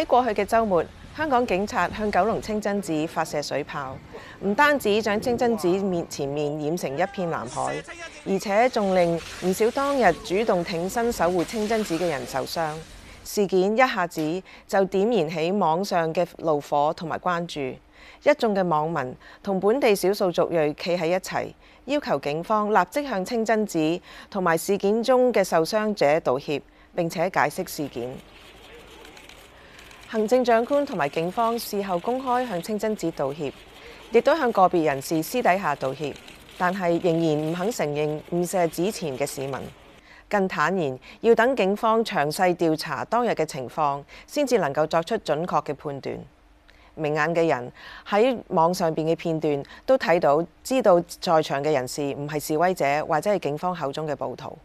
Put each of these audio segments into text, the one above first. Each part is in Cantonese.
喺過去嘅週末，香港警察向九龍清真寺發射水炮，唔單止將清真寺面前面染成一片藍海，而且仲令唔少當日主動挺身守護清真寺嘅人受傷。事件一下子就點燃起網上嘅怒火同埋關注，一眾嘅網民同本地少數族裔企喺一齊，要求警方立即向清真寺同埋事件中嘅受傷者道歉，並且解釋事件。行政長官同埋警方事後公開向清真寺道歉，亦都向個別人士私底下道歉，但係仍然唔肯承認誤射之前嘅市民。更坦言要等警方詳細調查當日嘅情況，先至能夠作出準確嘅判斷。明眼嘅人喺網上邊嘅片段都睇到，知道在場嘅人士唔係示威者，或者係警方口中嘅暴徒。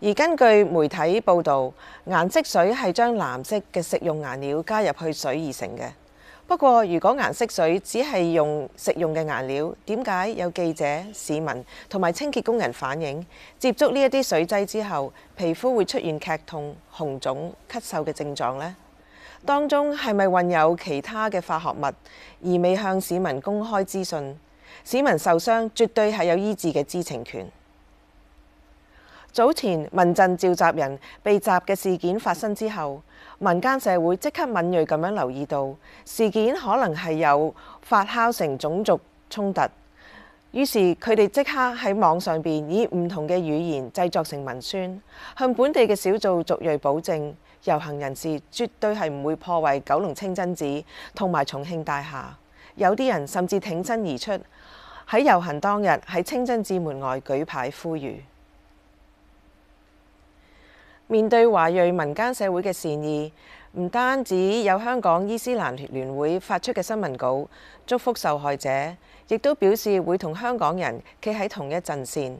而根據媒體報導，顏色水係將藍色嘅食用顏料加入去水而成嘅。不過，如果顏色水只係用食用嘅顏料，點解有記者、市民同埋清潔工人反映接觸呢一啲水劑之後，皮膚會出現劇痛、紅腫、咳嗽嘅症狀呢？當中係咪混有其他嘅化學物，而未向市民公開資訊？市民受傷，絕對係有醫治嘅知情權。早前民陣召集人被襲嘅事件發生之後，民間社會即刻敏鋭咁樣留意到事件可能係有發酵成種族衝突，於是佢哋即刻喺網上邊以唔同嘅語言製作成文宣，向本地嘅少數族裔保證遊行人士絕對係唔會破壞九龍清真寺同埋重慶大廈。有啲人甚至挺身而出喺遊行當日喺清真寺門外舉牌呼籲。面對華裔民間社會嘅善意，唔單止有香港伊斯蘭聯會發出嘅新聞稿祝福受害者，亦都表示會同香港人企喺同一陣線。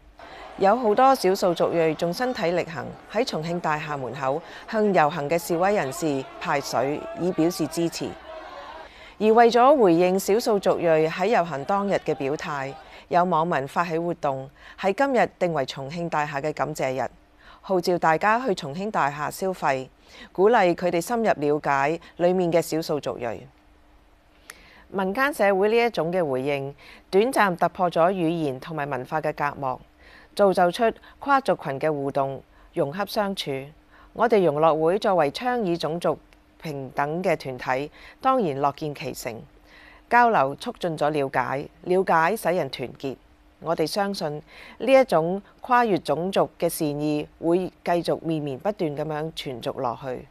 有好多少數族裔仲身體力行喺重慶大廈門口向遊行嘅示威人士派水，以表示支持。而為咗回應少數族裔喺遊行當日嘅表態，有網民發起活動，喺今日定為重慶大廈嘅感謝日。號召大家去重慶大廈消費，鼓勵佢哋深入了解裡面嘅少數族裔。民間社會呢一種嘅回應，短暫突破咗語言同埋文化嘅隔膜，造就出跨族群嘅互動、融合相處。我哋融樂會作為倡議種族平等嘅團體，當然樂見其成。交流促進咗了解，了解使人團結。我哋相信呢一種跨越種族嘅善意會繼續綿綿不斷咁樣傳續落去。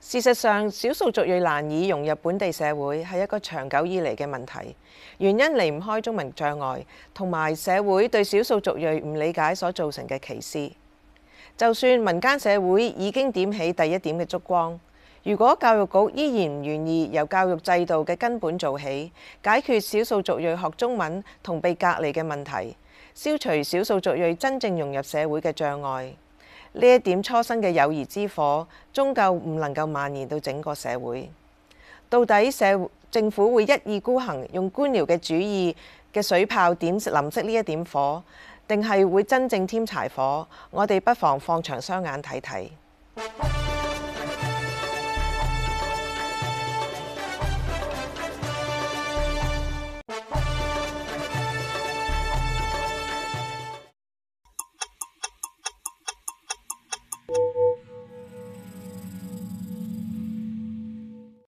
事實上，少數族裔難以融入本地社會係一個長久以嚟嘅問題，原因離唔開中文障礙同埋社會對少數族裔唔理解所造成嘅歧視。就算民間社會已經點起第一點嘅燭光。如果教育局依然唔願意由教育制度嘅根本做起，解決少數族裔學中文同被隔離嘅問題，消除少數族裔真正融入社會嘅障礙，呢一點初生嘅友誼之火，終究唔能夠蔓延到整個社會。到底社政府會一意孤行，用官僚嘅主義嘅水炮點淋熄呢一點火，定係會真正添柴火？我哋不妨放長雙眼睇睇。